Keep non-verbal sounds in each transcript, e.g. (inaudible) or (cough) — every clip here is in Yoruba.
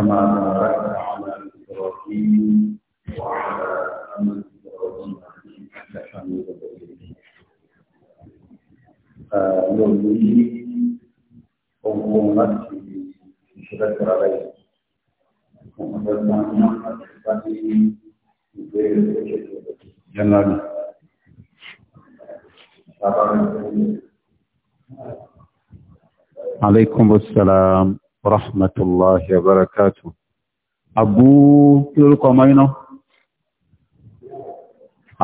كما باركت على إبراهيم وعلى آل إبراهيم إنك حميد مجيد يولي حكومتي شرك عليه جنرال عليكم السلام rahmatullahi wa barakatuh abu kí lórúkọ ọmọ iná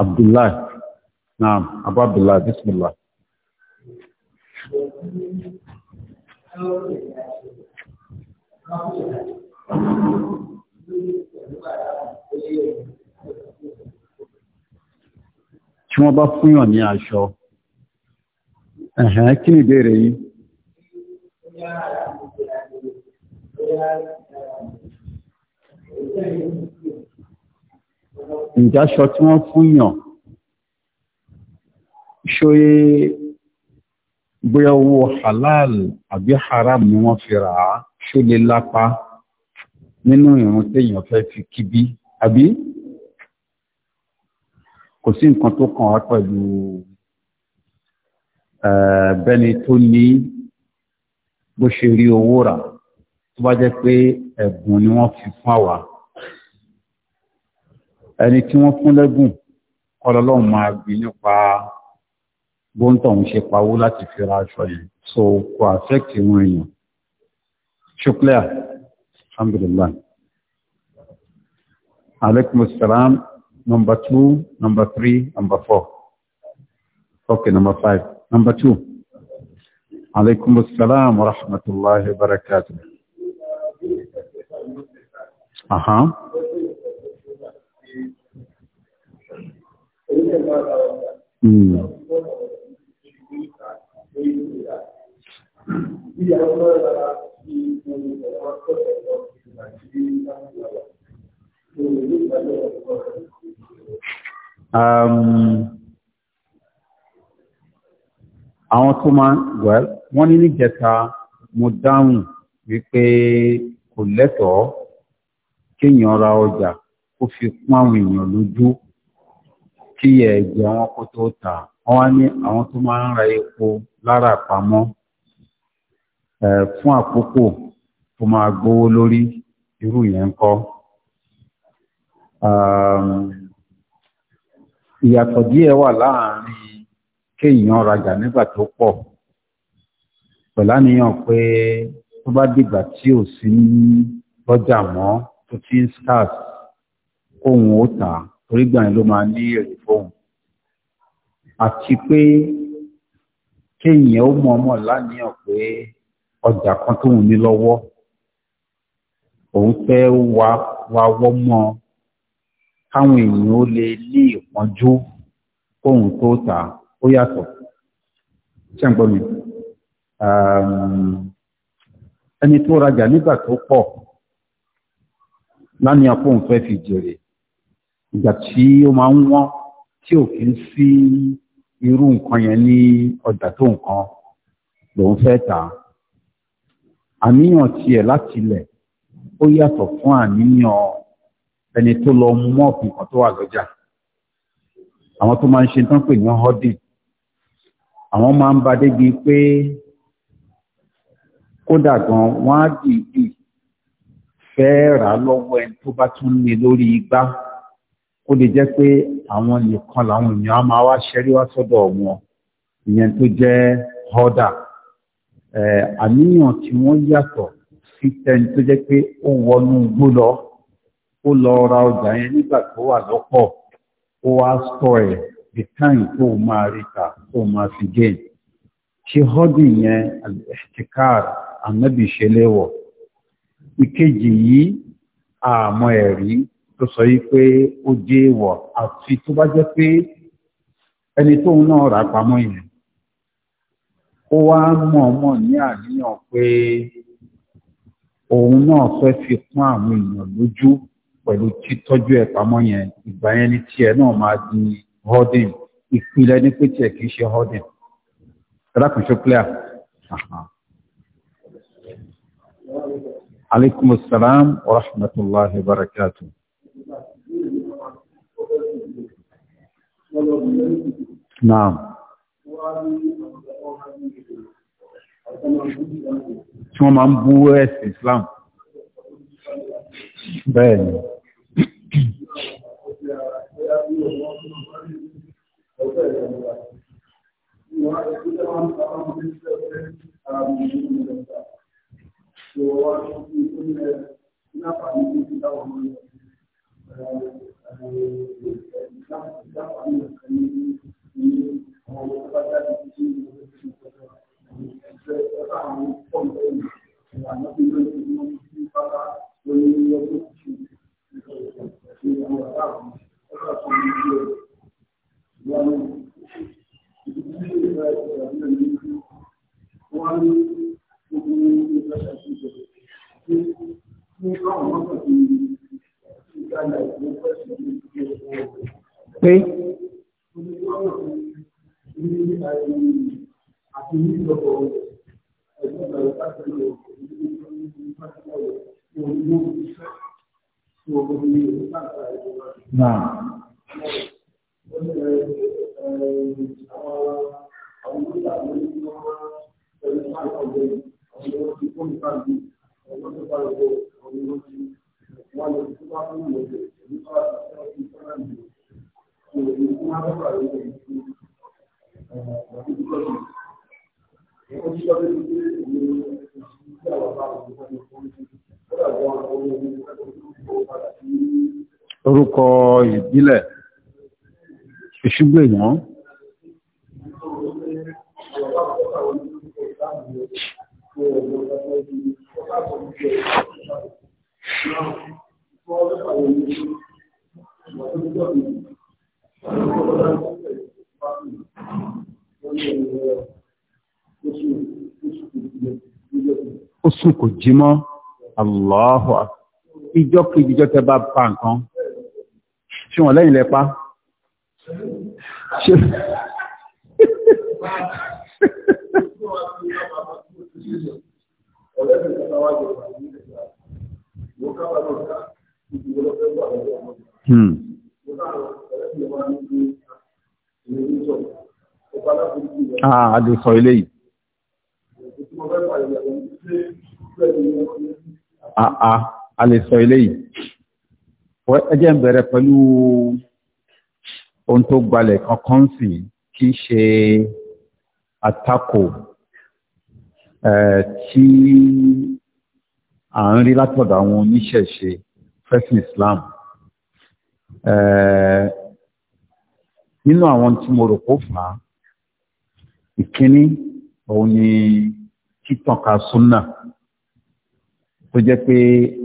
abdullahi naam abu abdullahi bismillah tí wọ́n bá fúnyàn ní aṣọ ẹ̀hẹ̀n kí ni ìbéèrè yìí ìjáṣọ tí wọ́n fún yàn ṣóyé bóyá owó halal àbí haram ni wọ́n fi rà á ṣó lè lápá nínú ìrun téèyàn fẹ́ fi kíbí àbí kò sí nǹkan tó kàn wá pẹ̀lú bẹ́ni tó ní bó ṣe rí owó rà á tó bá jẹ́ pé ẹ̀bùn ni wọ́n fi fún àwa ẹni tí wọ́n fún lẹ́bùn ọlọ́lọ́run máa gbé nípa bóńtọ̀ ń ṣe pawó láti fi ra aṣọ yẹn so kò affect ìwọ̀n èèyàn ṣúklẹ́à alhamdulillah alaikum salam number two number three number four okay number five number two alaikum salam wa rahmatullahi wa barakatuh Hmm. um, Àwọn tó máa wọ́n ní níjẹta mo dáhùn wípé kò lẹ́tọ̀ọ́ kéèyàn ra ọjà kó fi pọ́n àwọn èèyàn lójú kí ẹ̀jẹ̀ wọn kó tó tà wọ́n wá ní àwọn tó máa ń ra epo lára pamọ́ fún àkókò tó máa gbówó lórí irú yẹn ń kọ́. ìyàtọ̀ díẹ̀ wà láàárín kéèyàn rajà nígbà tó pọ̀ pẹ̀láníyàn pé tó bá dìgbà tí ò sí lọ́jà mọ́ tó ti ń scarce ohun ó tà torí gbà ló máa ní èrè fóun àti pé kéèyàn ó mọ̀ọ́mọ̀ láníyàn pé ọjà kan tóun ní lọ́wọ́ òun fẹ́ wá wá wọ́ mọ́ káwọn èèyàn ó lè ní ìpọ́njú kóun tó tà ó yàtọ̀ ṣé ń gbọ́ mi ẹni tó rajà nígbà tó pọ̀ lánìí àpò òun fẹ́ fi jèrè ìgbà tí ó máa ń wọ́n tí ò kí ń sí irú nǹkan yẹn ní ọjà tó nǹkan lòun fẹ́ tà á àníyàn tiẹ̀ láti ilẹ̀ ó yàtọ̀ fún àníyàn ẹni tó lọ mú ọ̀pìn kan tó wà lọ́jà àwọn tó máa ń ṣe tán pè ní hoarding àwọn máa ń ba débi pé kódà gan wọ́n á dìídì fẹ́ rà lọ́wọ́ ẹni tó bá tún ní lórí igbá ó lè jẹ́ pé àwọn nìkan làwọn èèyàn á máa wá ṣẹ́rí wá sọ́dọ̀ wọn ìyẹn tó jẹ́ họ́dà àníyàn tí wọ́n yàtọ̀ sí tẹni tó jẹ́ pé ó wọnú igbó lọ ó lọ ra ọjà yẹn nígbà tó wà lọ́pọ̀ ó wá sọ ẹ̀ the time tó máa rí ta tó máa fi gain ṣe họ́dì yẹn al-ihtikar ànábì ìkejì yìí àmọ́ ẹ̀rí tó sọ yìí pé ó jẹ́ èèwọ̀ àti tó bá jẹ́ pé ẹni tóun náà rà pamọ́ yẹn ó wá mọ̀ọ́mọ̀ ní àníyàn pé òun náà fẹ́ fi kún àwọn èèyàn lójú pẹ̀lú títọ́jú ẹ̀ pamọ́ yẹn ìgbà yẹn ni tiẹ̀ náà máa di hodin, ìpìlẹ̀ ní pé tiẹ̀ kì í ṣe hoarding. ẹ dákun ṣó clear. عليكم السلام ورحمة الله وبركاته نعم tí wọ́n máa ń bú ẹ̀sìn Islam bẹ́ẹ̀ ni Thank you to wani kuma ina fahimci su da wani Thank you. orúkọ ìbílẹ̀ ìṣúgbè wọ́n. sùn kò jí mọ́ Allahu ìjọ kejì jọ tẹ bá pa nǹkan ṣé wọn lẹ́yìn lẹ́pa ṣe Hmm. Ah, a lè sọ eléyìí. Àà a lè sọ ilé yìí. Ẹ jẹ́ ń bẹ̀rẹ̀ pẹ̀lú ohun tó gbalẹ̀ kankan sí kí ṣe àtakò tí à ń rí látọ̀dọ̀ àwọn oníṣẹ̀ṣe fẹ́sìn Islam. Nínú àwọn tí mo rò kó fà á, ìkíní òun ni títànká súnnà tó jẹ́ pé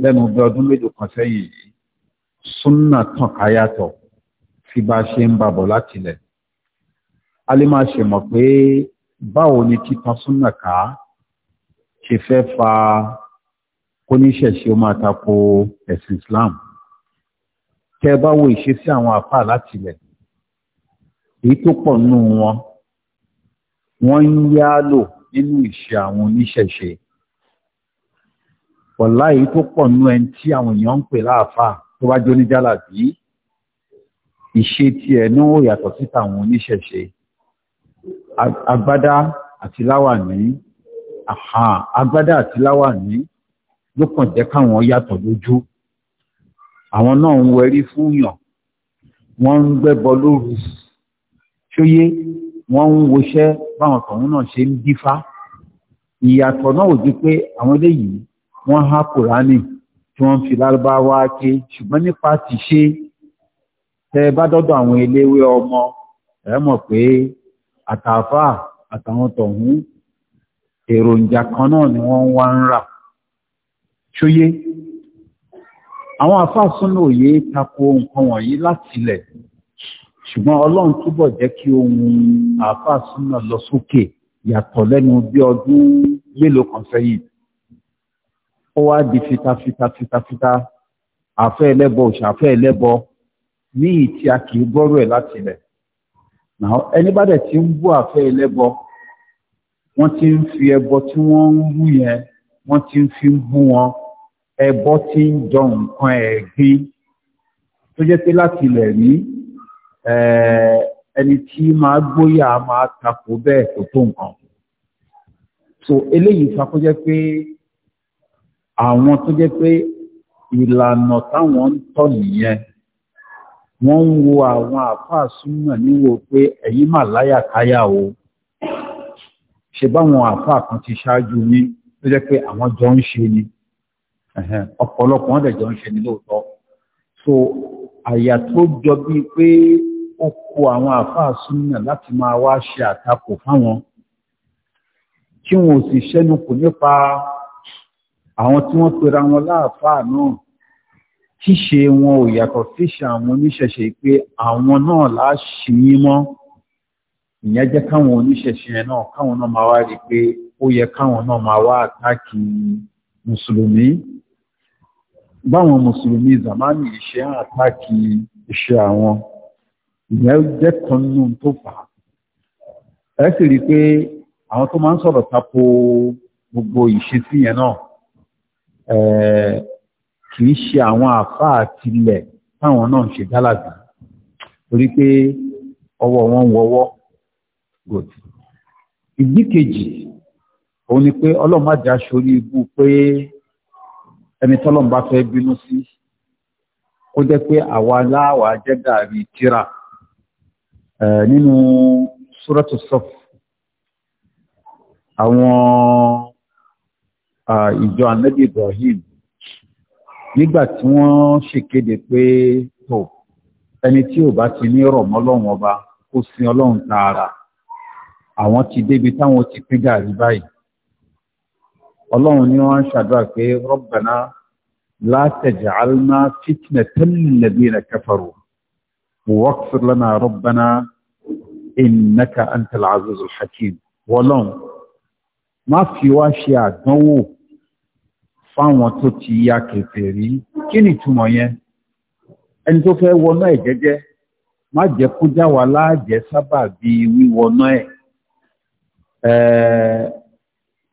lẹ́nu bí ọdún méjì kan sẹ́yìn yìí súnà tàn káyàtọ̀ fi bá ṣe ń babọ̀ látilẹ̀ a lè máa ṣe mọ̀ pé báwo ni títan súnà ká ṣe fẹ́ fa kóníṣẹ̀ṣe ó máa tako ẹ̀sìn Islam kẹ́ bá wo ìṣesí àwọn àfà látilẹ̀ èyí tó pọ̀ nínú wọn wọ́n ń yálò nínú ìṣe àwọn oníṣẹ̀ṣe ọ̀la èyí tó pọ̀ nú ẹni tí àwọn èèyàn ń pè láàfáà tó bá jó níjàlá bí ìṣe tiẹ̀ náà ó yàtọ̀ sí tàwọn oníṣẹ̀ṣe agbádá àti láwàní agbádá àti láwàní ló kàn jẹ́ káwọn yàtọ̀ lójú àwọn náà ń wẹrí fún yàn wọ́n ń gbẹ́bọ lóru ṣóyé wọ́n ń woṣẹ́ báwọn tọ̀hún náà ṣe ń dífá ìyàtọ̀ náà ò ju pé àwọn eléyìí wọ́n há kùránì tí wọ́n fi lárúbáwá ké ṣùgbọ́n nípa ti ṣe tẹ bá dọ́dọ̀ àwọn eléwé ọmọ ẹ mọ̀ pé àtàfà àtàwọn tọ̀hún èròjà kan náà ni wọ́n wá ń rà ṣóyé àwọn afáàsúnà òye tako nǹkan wọ̀nyí látilẹ̀ ṣùgbọ́n ọlọ́run túbọ̀ jẹ́ kí ohun àfáàsúnà lọ sókè yàtọ̀ lẹ́nu bí ọdún mélòó kan sẹ́yìn ó wá di fitafitafitafita àfẹ́ ẹlẹ́bọ òṣàfẹ́ ẹlẹ́bọ ní ìtí a kì í gbọ́rọ̀ ẹ̀ láti ilẹ̀ ẹni bá dẹ̀ ti ń bú àfẹ́ ẹlẹ́bọ wọ́n ti ń fi ẹbọ tí wọ́n ń bú yẹn wọ́n ti ń fi ń bú wọn ẹbọ tí ń jọ nǹkan ẹ̀gbin tó jẹ́ pé láti ilẹ̀ rí ẹni tí máa gbóyà máa takò bẹ́ẹ̀ kò tó nǹkan so eléyìí fakó jẹ́ pé àwọn tó jẹ́ pé ìlànà táwọn ń tọ̀ nìyẹn wọ́n ń wo àwọn àfáà súnmọ̀ níwò pé ẹ̀yin mà láyàkáyà o ṣe báwọn àfáà kan ti ṣáájú ní tó jẹ́ pé àwọn jọ ń ṣe ni ọ̀pọ̀lọpọ̀ wọn dẹ̀ jọ ń ṣe ni lóòótọ́ so àyà tó jọ bíi pé ó kó àwọn àfáà súnmọ̀ láti máa wá ṣe àtakò fáwọn kí wọn ò sì ṣẹ́nu kò nípa àwọn tí wọ́n pera wọn láàfáà náà ṣíṣe wọn ò yàtọ̀ síṣe àwọn oníṣẹ̀ṣe pé àwọn náà láṣì yín mọ́ ìyẹn jẹ́ káwọn oníṣẹ̀ṣe náà káwọn náà máa wá rí pé ó yẹ káwọn náà máa wá àtàkì mùsùlùmí báwọn mùsùlùmí zamani ìṣe àtàkì ìṣe àwọn ìyẹn jẹ́ kan nínú tó fà á ẹ sì rí i pé àwọn tó máa ń sọ̀rọ̀ tako gbogbo ìṣesí yẹn náà kì í ṣe àwọn àfáà àtilẹ̀ táwọn náà ń ṣe gálàgbà torí pé ọwọ́ wọn wọwọ́ good ìdí kejì òun ni pé ọlọ́mọdé aṣorí ibú pé ẹni tọ́lọ́mù bá fẹ́ bínú sí ó jẹ́ pé àwa láwà jẹ́ gàrí tíra nínú súrọ́tù sọ́fù àwọn. ìjọ anabi ibrahim nígbà tí wọ́n ṣèkéde pé tó ẹni tí ò bá ti ní rọ̀mọ́ lọ́wọ́n ọba kó sin ọlọ́run tààrà àwọn ti débi táwọn ti pín gàrí báyìí ọlọ́run ni wọ́n ń ṣàdúrà pé rọ́bàná la taj'alna fitnatan lilladhina kafaru waghfir lana rabbana innaka antal azizul hakim wọ́lọ́run má fi wá ṣe àdánwò fáwọn tó ti ya kèfèrí kí ni ìtumọ̀ yẹn ẹni tó fẹ́ wọná ẹ̀ jẹ́jẹ́ má jẹ́ kó já wa láàjẹ́ sábà bí wíwọná ẹ̀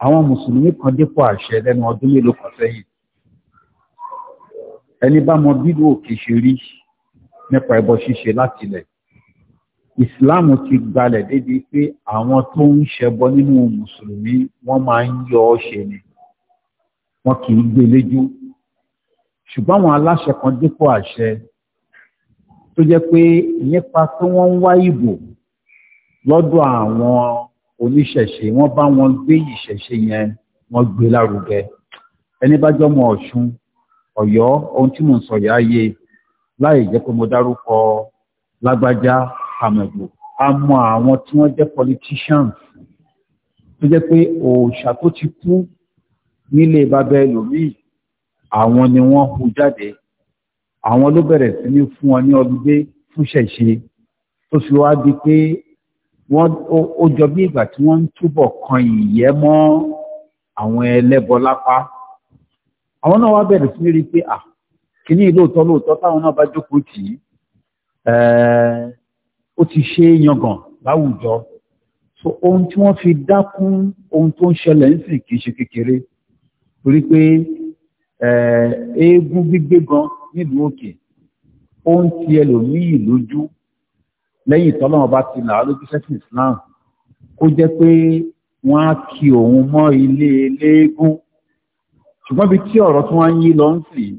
àwọn mùsùlùmí kan dípò àṣẹ lẹ́nu ọdún mélòó kan sẹ́yìn ẹni bá mọ bílù òkè ṣe rí nípa ẹbọ ṣíṣe láti ilẹ̀ ìsìláàmù ti gbalẹ̀ débi pé àwọn tó ń ṣẹbọ nínú mùsùlùmí wọ́n máa ń yọ ọ́ ṣe ni wọn kì í gbé léjú ṣùgbọ́n àwọn aláṣẹ kan dípò àṣẹ tó jẹ́ pé nípa pé wọ́n ń wá ìbò lọ́dọ̀ àwọn oníṣẹ̀ṣe wọ́n bá wọn gbé ìṣẹ̀ṣe yẹn wọ́n gbé lárugẹ ẹni bá jọmọ Ọ̀ṣun Ọ̀yọ́ ohun tí mò ń sọ yá yé láì jẹ́ pé mo dárúkọ lágbájá àmọ̀gbò a mọ àwọn tí wọ́n jẹ́ politicians tó jẹ́ pé òòṣà tó ti kú nílé bàbá ẹlòmíì àwọn ni wọ́n hu jáde àwọn ló bẹ̀rẹ̀ sí ní fún wọn ní ọlúdé fún ṣẹ̀ṣe tó fi wá di pé wọ́n ó jọ bí ìgbà tí wọ́n ń túbọ̀ kan ìyẹ́ mọ́ àwọn ẹlẹ́bọ lápá àwọn náà wá bẹ̀rẹ̀ sí ní rí pé à lóòótọ́ lóòótọ́ táwọn náà bá jókòó tì í ó ti ṣe é yangàn láwùjọ so ohun tí wọ́n fi dákún ohun tó ń ṣẹlẹ̀ ń sìn kì í ṣe kékeré torí pé eégún gbígbé gan nílùú òkè ó ń ti ẹlòmíì lójú lẹ́yìn tọ́lọ́wọ́n bá ti là á lójú sẹ́sìn Islam kó jẹ́ pé wọ́n á kí òun mọ́ ilé eléégún ṣùgbọ́n bí tí ọ̀rọ̀ tí wọ́n ń yí lọ ń sìn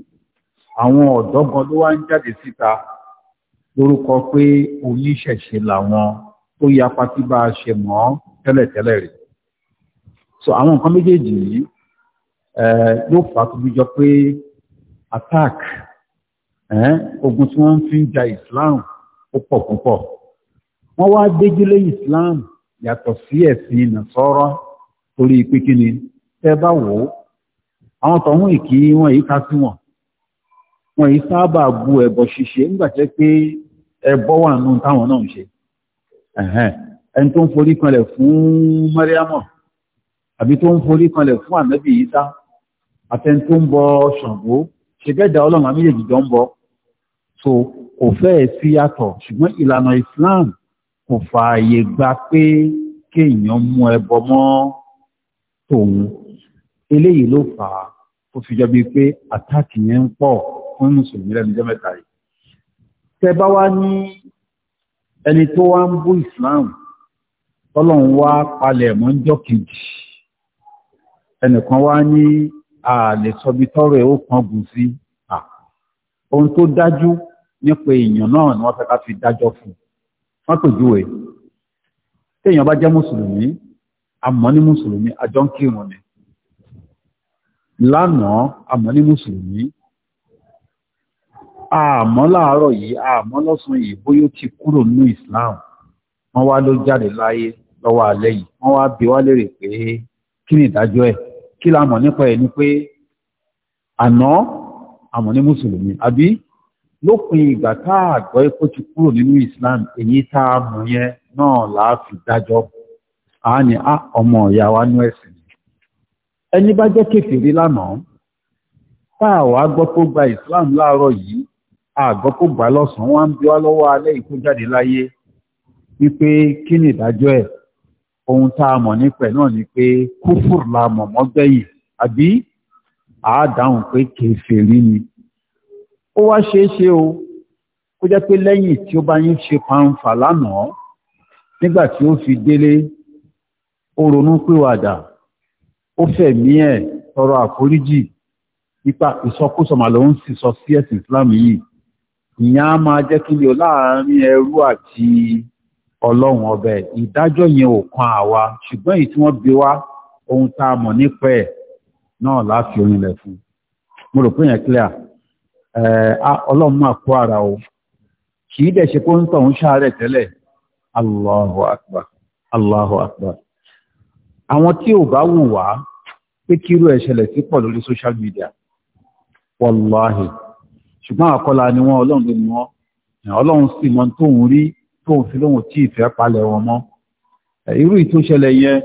àwọn ọ̀dọ́ gan ló wá ń jáde síta lórúkọ pé oníṣẹ̀ṣe làwọn tó yapa tí bá a ṣe mọ́ tẹ́lẹ̀tẹ́lẹ̀ rẹ̀ so àwọn nǹkan méjèèjì yìí yóò fà tó jọ pé attack ogun tí wọ́n fi ń ja Islam ó pọ̀ púpọ̀ wọ́n wá gbégilé Islam yàtọ̀ sí ẹ̀sìn nàṣọ́rọ́ torí pé kí ni tẹ́ bá wò ó àwọn tọ̀hún ìkí wọ́n yìí ká sí wọn wọ́n yìí sábà bu ẹbọ ṣíṣe nígbàtẹ́ pé ẹbọ wà nù táwọn náà ń ṣe ẹni tó ń forí kanlẹ̀ fún Mariamọ àbí tó ń forí kanlẹ̀ fún ànábì Ìsá àtẹni tó ń bọ ṣàngó ṣẹgẹdà ọlọ́run àmìyèjì jọ ń bọ so kò fẹ́ẹ̀ sí yàtọ̀ ṣùgbọ́n ìlànà Islam kò fààyè gba pé kéèyàn mú ẹbọ mọ́ tòun eléyìí ló fà á tó fi jọ bíi pé àtàkì yẹn ń pọ̀ fún mùsùlùmí lẹ́nu jẹ́ mẹ́ta yìí tẹ́ bá wá ní ẹni tó wá ń bú Islam tọ́lọ́run wá palẹ̀ mọ́ ń jọ́ kejì ẹnìkan wá ní a lè sọ bí tọ́rọ̀ ẹ̀ ó kan gùn sí ohun tó dájú nípa èèyàn náà ni wọ́n fẹ́ ká fi dájọ́ fún wọ́n pè jú ẹ̀ téèyàn bá jẹ́ mùsùlùmí àmọ́ ní mùsùlùmí àjọ ń kírun ni lánàá àmọ́ ní mùsùlùmí àmọ́ láàárọ̀ yìí àmọ́ lọ́sùn yìí bóyá ó ti kúrò nínú Islam wọ́n wá ló jáde láyé lọ́wọ́ alẹ́ yìí wọ́n wá bi wá lérè pé kí ni ìdájọ́ ẹ̀ kí la mọ̀ nípa ẹ̀ ni pé àná àmọ̀ ní mùsùlùmí àbí lópin ìgbà tá gbọ́ epo ti kúrò nínú Islam èyí tá a mọ̀ yẹn náà làá fi dájọ́ a ní a ọmọ ìyá wa nú ẹ̀sìn ẹni bá jẹ́ kèfèrí lánàá tá a gbọ́ tó gba Islam láàárọ̀ yìí àgbọ́ kó gbà lọ́sàn-án wá ń bí wá lọ́wọ́ alẹ́ ìkó láyé wípé kí ni ìdájọ́ ẹ̀ ohun tá a mọ̀ nípẹ̀ náà ni pé kúfùr la mọ̀ mọ́gbẹ̀yìn àbí àádáhùn pé kèfèrí ni ó wá ṣeé ṣe o kó jẹ́ pé lẹ́yìn tí ó bá yín ṣe pàǹfà lánàá nígbà tí ó fi délé ó ronú pìwàdà ó fẹ̀mí ẹ̀ tọrọ àforíjì nípa ìsọkúsọ mà ló ń sì sọ sí ẹ̀sìn Islam yìí ìyẹn á máa jẹ́ kí ni o láàárín ẹrú àti ọlọ́run ọbẹ̀ ìdájọ́ yẹn ò kan àwa ṣùgbọ́n èyí tí wọ́n bi ohun tá a mọ̀ nípa ẹ̀ náà láti orinlẹ̀ fún mo rò pé yẹn clear ọlọ́run máa kó ara o kì í dẹ̀ ṣe kó ń tọ̀ ń ṣàárẹ̀ tẹ́lẹ̀ àwọn tí ò bá wù wá pé kírú ẹ̀ ṣẹlẹ̀ sí lórí social media ṣùgbọ́n àkọlà ni wọ́n ọlọ́run ló ọlọ́run sì tóun sí lóun tí ìfẹ́ palẹ̀ wọn mọ́ irú ìtúnṣẹlẹ̀ yẹn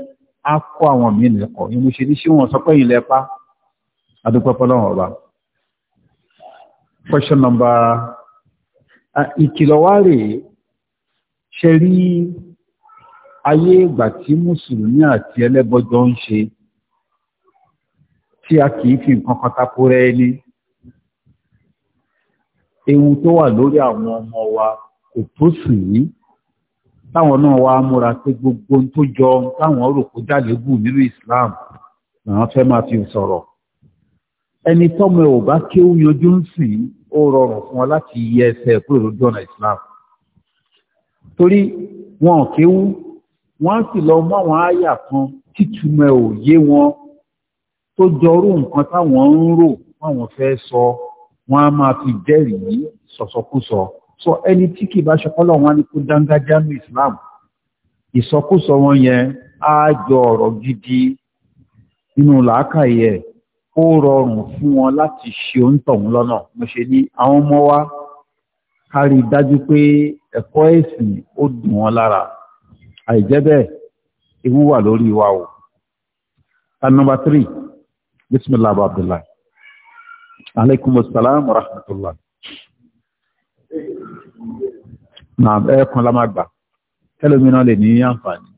á kọ́ àwọn míì lẹ́kọ̀ọ́ ìmúṣe ní ṣé wọn sọ pé ìlẹ̀ pa adúpẹ́pẹ́ lọ́wọ́ ọba question number ìkìlọ̀ wá rèé ṣe rí ayé ìgbà tí mùsùlùmí àti ẹlẹ́bọjọ́ ń ṣe tí a kìí fi nǹkan kan tako rẹ ní ewu tó wà lórí àwọn ọmọ wa ètò sì yìí táwọn náà wá múra pé gbogbo tó jọ táwọn rò kó jálébù nínú Islam làwọn fẹ́ máa fi sọ̀rọ̀ ẹni tọ́mọ ẹ̀ ò bá kéwú yanjú ń sìn ó rọrùn fún wọn láti yẹ ẹsẹ̀ kúrò lójú ọ̀nà Islam torí wọn ò kéwú wọ́n sì lọ mọ́ àwọn àyà kan títúmọ̀ ẹ̀ ò yé wọn tó jọrú nǹkan táwọn ń rò fáwọn fẹ́ sọ wọ́n á máa fi jẹ́rìí sọ̀sọ̀kúsọ. So, so, sọ ẹni tí kì bá ṣọpọ́lọ̀ wọn ni kó dángájá ní Islam ìsọkúsọ wọn yẹn á jọ ọ̀rọ̀ gidi nínú làákàyè ó rọrùn fún wọn láti ṣe oúntọ̀hún lọ́nà mo ṣe ní àwọn ọmọ wa kárí dájú pé ẹ̀kọ́ ẹ̀sìn ó dùn wọn lára àìjẹ́ bẹ́ẹ̀ ewu wà lórí wa o. And number three, Bismillah Abdullah. Alaykum assalam wa rahmatullah. ẹ̀ẹ̀kan la máa gbà ẹlòmínà lè ní àǹfààní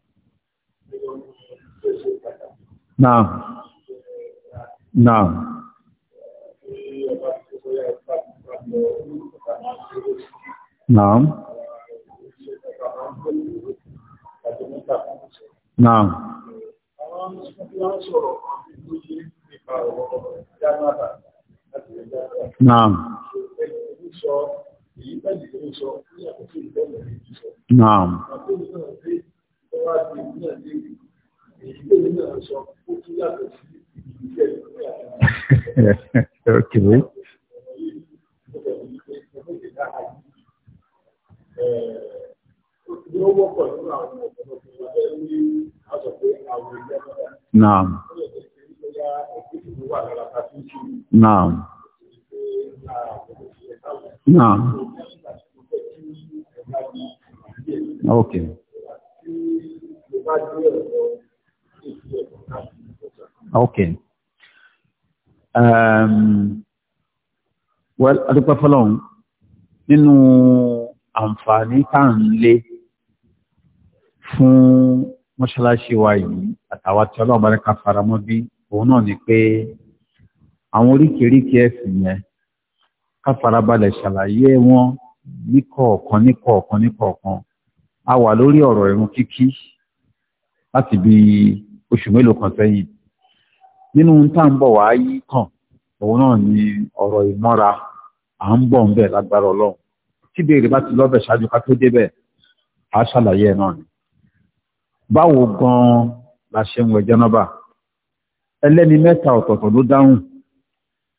náà náà náà náà náà Naam. (laughs) Okay. Naam. Naam. Naam. Okay. Okay. Um, well adúpẹ́ fọlọ́run nínú àǹfààní tá à ń lé fún mọ́ṣáláṣí wa yìí àtàwọn tí ọlọ́run bá ní ká fara mọ́ bí òun náà ni pé àwọn oríkèéríkèé ẹ̀sìn yẹn ká farabalẹ̀ ṣàlàyé wọn níkọ̀ọ̀kan níkọ̀ọ̀kan níkọ̀ọ̀kan a wà lórí ọ̀rọ̀ ẹ̀rùn kíkí láti bí oṣù mélòó kan sẹ́yìn nínú tá ń bọ̀ wá yí kàn òun náà ni ọ̀rọ̀ ìmọ́ra à ń bọ̀ ń bẹ̀ lágbára ọlọ́run tí béèrè bá ti lọ́bẹ̀ ṣáájú ká tó débẹ̀ á ṣàlàyé ẹ̀ náà ni báwo gan-an la ṣe ń wẹ̀ jẹ́nọ́bà ẹlẹ́ni mẹ́ta ọ̀tọ̀ọ̀tọ̀ ló dáhùn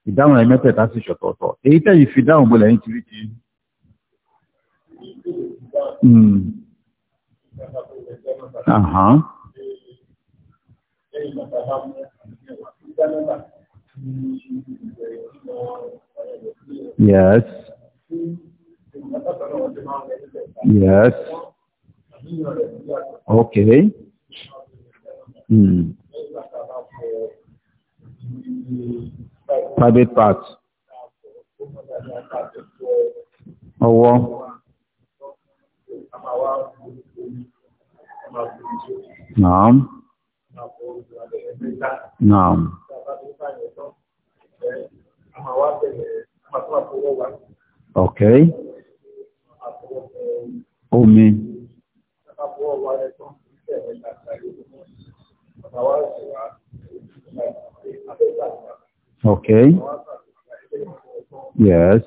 ìdáhùn ẹ̀ mẹ́tẹ̀ẹ̀ta sì ṣọ̀tọ̀ọ̀tọ̀ èyí tẹ̀yìn fi dáhùn bọ̀lẹ̀ yín ti rí hmm. Yes. Yes. Okay. Hmm. Private parts Ọwọ́. Oh, wow. Naam. Naam. Ok. Omi. Ok. Yes. Yes.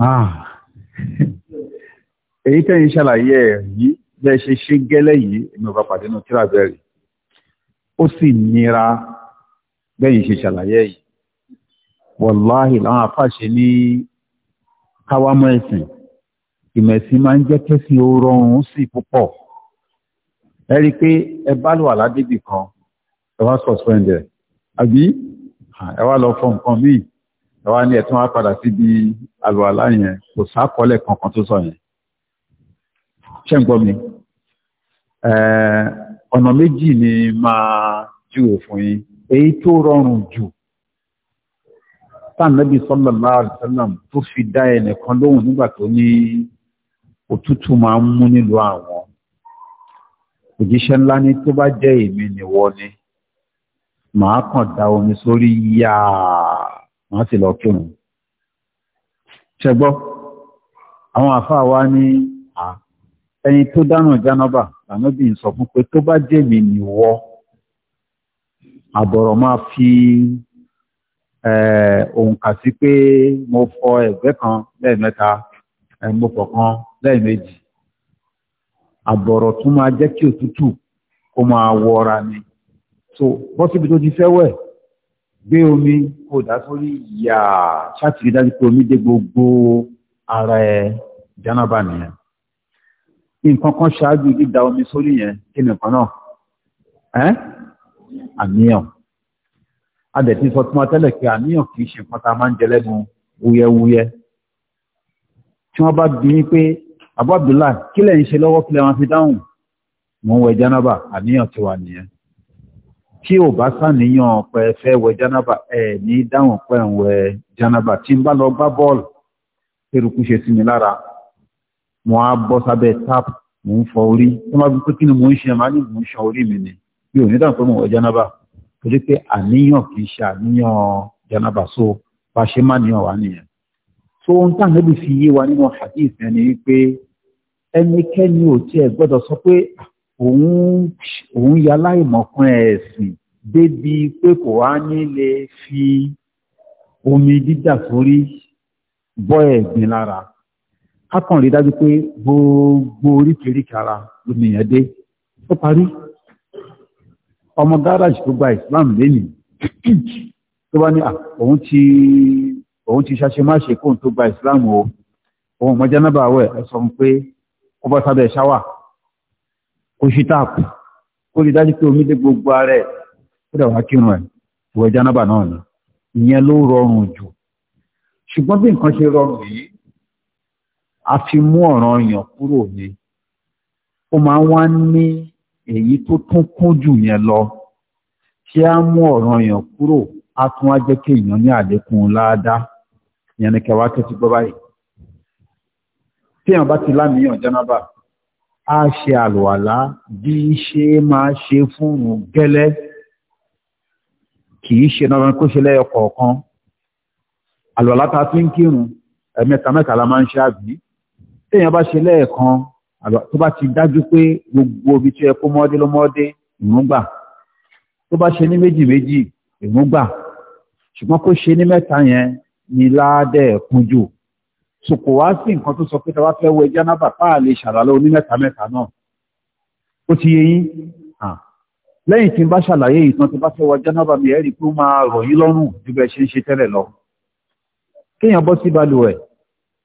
Ah. (laughs) èyí tẹ́yìn ṣàlàyé ẹ̀ yìí bẹ́ẹ̀ ṣe ṣe gẹ́lẹ́ yìí èmi ò pàdé nù ó sì nira bẹ́yìn ṣe ṣàlàyé yìí wọ̀láhì láwọn àfáṣe ní káwámọ́ ẹ̀sìn ìmẹ̀sìn máa ń jẹ́ ẹ rí i pé ẹ bá lò àládébì kan ẹ wá suspend ẹ àbí ẹ wá lọ fọ nǹkan míì ẹ wá ní ẹ tún wá padà síbi àlùwàlá yẹn kò sákọọ́lẹ̀ kankan tó sọ yẹn ṣé ń gbọ́ mi ọ̀nà méjì ni máa júwe fún yín èyí tó rọrùn jù tánàbí sọ́lọ̀lá àrùsọ́lọ̀m tó fi dá ẹnìkan lóhùn nígbà tó ní òtútù máa ń mú nílùú àwọn òjíṣẹ́ ńlá ní tó bá jẹ́ èmi nìwọ ni màá kàn da omi sórí yáà màá sì lọ kírun ṣẹgbọ́ àwọn àfáà wa ní ẹni tó dáná jánábà lànàbí ń sọ fún pé tó bá jẹ́ èmi nìwọ àbọ̀rọ̀ máa fi òǹkà sí pé mo fọ ẹ̀gbẹ́ kan lẹ́ẹ̀mẹ́ta mo fọ̀ kan lẹ́ẹ̀mejì àbọ̀rọ̀ tún máa jẹ́ kí òtútù kó máa wọra ni so bọ́síbi tó ti fẹ́ wẹ̀ gbé omi kó dá sórí yà ṣáàtìrí dájú pé omi dé gbogbo ara ẹ jánábà nìyẹn nǹkan kan ṣáájú dídá omi sórí yẹn kí nìkan náà ẹ́ àníyàn adẹ̀tí sọ tí wọ́n tẹ́lẹ̀ pé àníyàn kì í ṣe nǹkan tá a máa ń jẹ lẹ́nu wúyẹ́wúyẹ́ tí wọ́n bá bí pé Abu Abdullah kí lẹ̀ ń ṣe lọ́wọ́ kí lẹ̀ wọn fi dáhùn mo ń wẹ jánábà àníyàn ti wà nìyẹn tí ò bá sàníyàn pé fẹ́ wẹ jánábà ẹ ní dáhùn pé ń wẹ jánábà tí ń bá lọ gbá bọ́ọ̀lù eruku ṣe sí mi lára mo á bọ́ sábẹ́ tap mo ń fọ orí tí wọ́n bí pé kí ni mo ń ṣe máa ní mo ń ṣan orí mi ni mi ò ní dáhùn pé mo wẹ jánábà torí pé àníyàn kì í ṣe àníyàn jánábà so bá ṣe má níyàn wá nìyẹn tó ń tàn níbi fi yé wa nínú hadith yẹn wípé ẹnikẹ́ni ò tiẹ̀ gbọ́dọ̀ sọ pé òun òun ya láìmọ̀kan ẹ̀sìn débi pé kò á ní lè fi omi dídà sórí bọ́ ẹ̀gbin lára a kàn rí dájú pé gbogbo oríkèéríkèé ara lómi dé ó parí ọmọ gáràjì tó gba Islam lénìí tó bá ní òun ti òun ti ṣàṣemáṣe kóun tó gba Islam o òun mọ wẹ̀ ẹ sọ fún pé bọ́ sábẹ́ ṣáwà kó ṣí táàpù kó lè dájú pé omi dé gbogbo ara ẹ̀ ó dẹ̀ wá kírun ẹ̀ ìwẹ̀ jánábà náà ni ìyẹn ló rọrùn jù ṣùgbọ́n bí nǹkan ṣe rọrùn yìí a fi mú ọ̀ràn yàn kúrò ní ó máa ń wá ní èyí tó tún kún jù yẹn lọ ṣé a mú ọ̀ràn yàn kúrò a tún wá jẹ́ kéèyàn ní àlékún ládàá ìyẹn ni kẹwàá tẹ́tí gbọ́ báyìí tí àwọn bá ti láníyàn jánábà á ṣe àlùwàlá bí ṣe máa ṣe fún un gẹ́lẹ́ kì í ṣe náà kó ṣe lẹ́yọ kọ̀ọ̀kan àlùwàlá ta fi ń kírun ẹ̀mẹ́ta mẹ́ta la máa ń ṣe àbí téèyàn bá ṣe lẹ́ẹ̀kan tó bá ti dájú pé gbogbo ibi tí ẹ kó mọ́dé ló mọ́dé ìmúgbà tó bá ṣe ní méjì méjì ìmúgbà ṣùgbọ́n kó ṣe ní mẹ́ta yẹn ni ládẹ́ẹ̀kún sòkò wá sí nǹkan tó sọ pé tàbá fẹ́ wẹ jánábà táà lè ṣàlàlẹ́ onímẹ́ta mẹ́ta náà ó ti yé yín lẹ́yìn tí n bá ṣàlàyé ìtàn tí bá fẹ́ wọ jánábà mi ẹ̀rí pé ó máa rọ̀ yín lọ́rùn ju bẹ́ẹ̀ ṣe ń ṣe tẹ́lẹ̀ lọ kéèyàn bọ́ sí balùwẹ̀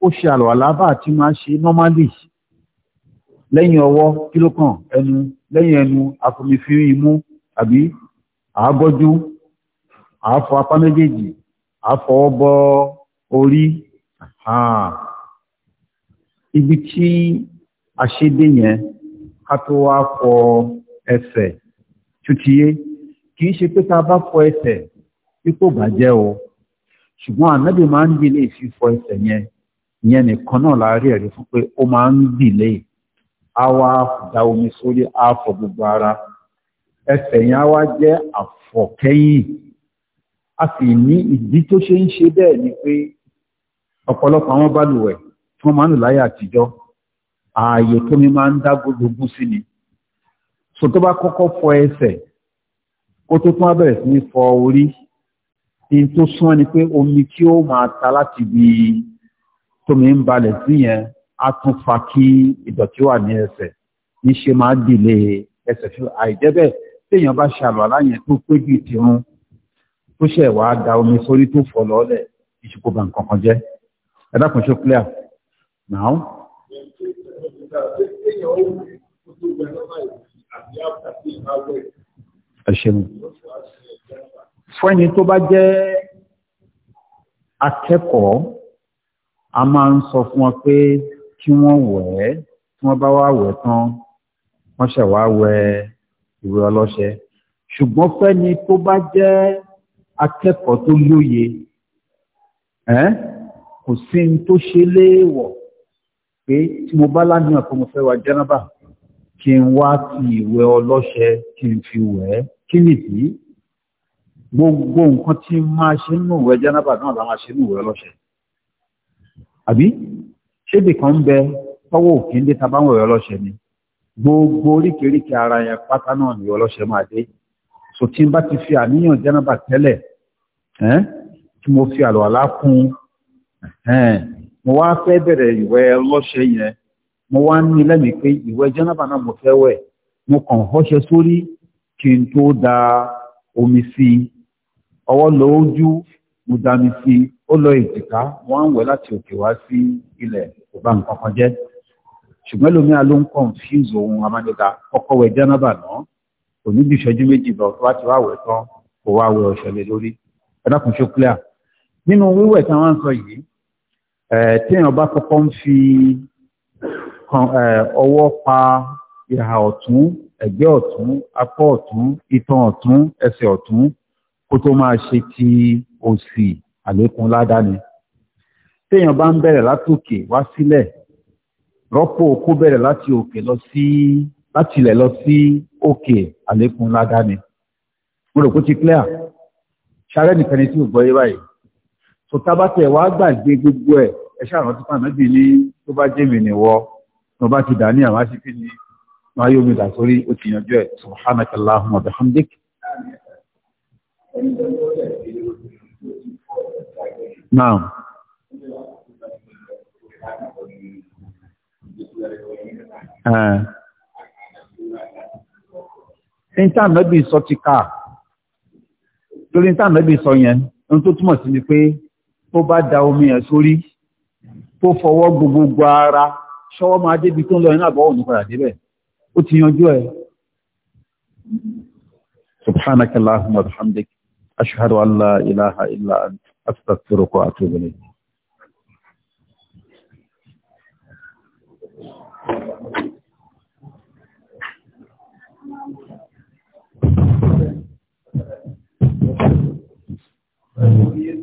ó ṣe àlọ́àlá bá àti máa ṣe normally lẹ́yìn ọwọ́ kí ẹnu lẹ́yìn ẹnu afomifiri imú àbí àágọ́jú àáfọ apá méjèèjì àáfọwọ́ bọ orí Ah. ibi tí a ṣe dé yẹn ká tó wá fọ ẹsẹ̀ tútìyé kì í ṣe pé tá bá fọ ẹsẹ̀ pípò bàjẹ́ o ṣùgbọ́n ànábì máa ń dìlé fífọ ẹsẹ̀ yẹn nìkan fọ gbogbo ara ẹsẹ̀ yẹn á wá jẹ́ àfọ̀kẹ́yìn a sì ní ìdí tó ṣe ń ṣe bẹ́ẹ̀ ọ̀pọ̀lọpọ̀ àwọn bálùwẹ̀ tí wọ́n máa ń lò láyé àtijọ́ ààyè tó mi máa ń dá gbogbo sí ni so tó bá kọ́kọ́ fọ ẹsẹ̀ kó tó tún abẹ̀rẹ̀ sí ní fọ orí ní tó sún ẹni pé omi tí ó máa ta láti bí tó mi ń balẹ̀ sí yẹn á tún fa kí ìdọ̀tí wà ní ẹsẹ̀ níṣe máa dìlé ẹsẹ̀ fún àìjẹ́bẹ̀ téèyàn bá ṣàlọ́ aláyẹn tó pé bíi tìrun tó ṣẹ̀ wá da omi sórí tó fọ lọ́lẹ̀ ìṣùkò bà nǹkan kan jẹ́ ẹ̀dá kan ṣó clear now. ẹ ṣeun fún ẹni tó bá jẹ́ akẹ́kọ̀ọ́ a máa ń sọ fún wọn pé kí wọ́n wẹ̀ ẹ́ tí wọ́n bá wá wẹ̀ tán wọ́n ṣẹ̀ wá wẹ̀ ìwé ọlọ́ṣẹ ṣùgbọ́n fẹ́ni tó bá jẹ́ akẹ́kọ̀ọ́ tó lóye kò sí ní tó ṣe léèwọ̀ pé tí mo bá láníyàn pé mo fẹ́ wá jẹ́nàbà kí n wá ti ìwẹ̀ ọlọ́ṣẹ kí n fi wẹ̀ ẹ́ kí nìdí gbogbo nǹkan tí máa ṣe nínú ìwẹ̀ jẹ́nàbà náà la ṣe nínú ìwẹ̀ ọlọ́ṣẹ àbí ṣébì kan ń bẹ tọ́wọ́ òfin dé tabáwọn ìwẹ̀ ọlọ́ṣẹ ni gbogbo oríkèéríkèé ara yẹn pátá náà ni ọlọ́ṣẹ máa dé so tí n bá ti fi àníyàn jẹ́nàbà tẹ́lẹ̀ tí mo fi àlọ́ àlá kún un mo wá fẹ́ bẹ̀rẹ̀ ìwẹ̀ ọlọ́ṣẹ yẹn mo wá ní lẹ́mìí pé ìwẹ̀ jẹ́nàbà náà mo fẹ́ wẹ̀ mo kàn họ́ṣẹ sórí kí n tó da omi sí i ọwọ́ lọ ojú mo da mi sí i ó lọ èjìká wọ́n ń wẹ̀ láti òkè wá sí ilẹ̀ kò bá nǹkan kan jẹ́ ṣùgbọ́n lómi àló ń confuse òun amániga kọ́kọ́ wẹ̀ jẹ́nàbà náà kò ní bí ìṣẹ́jú méjì lọ tó bá ti wá wẹ̀ tán kò wá wẹ̀ ọ̀ṣẹ̀ lórí ẹ dákun ṣó clear nínú wíwẹ̀ tí wọ́n ń sọ yìí téèyàn bá kọ́kọ́ ń fi ọwọ́ pa ìhà ọ̀tún ẹ̀gbẹ́ ọ̀tún apá ọ̀tún itan ọ̀tún ẹsẹ̀ ọ̀tún kó tó máa ṣe ti òsì àlékún ládàáni téèyàn bá ń bẹ̀rẹ̀ látòkè wá sílẹ̀ rọ́pò kó bẹ̀rẹ̀ láti òkè lọ sí láti ilẹ̀ lọ sí òkè àlékún ládàáni mo rò kó ti clear ṣáré nìkan ni tí ò gbọ́ yé báyìí tó tábàtẹ̀ wá gbàgbé gbogbo ẹ̀ ẹ ṣàrántí pàmẹ́bì ní tó bá jẹ́mi nìwọ tó bá ti dà ní àwọn aṣíkí ni máa yóò mi dà sórí ó ti yanjú ẹ̀ subhanakallahumma wa bihamdik Naam. Eh. Ìntà mẹ́bí sọ ti káà, lórí ìntà mẹ́bí sọ yẹn, ohun tó túmọ̀ sí ni pé tó bá da omi ẹ̀ sórí tó fọwọ́ gbogbogbò ara ṣọwọ́ máa débi tó ń lọ iná àbọ̀wọ̀ nípa àdébẹ̀ ó ti yanjú ẹ̀ allahumma wa ashhadu an illa anta astaghfiruka wa Thank you.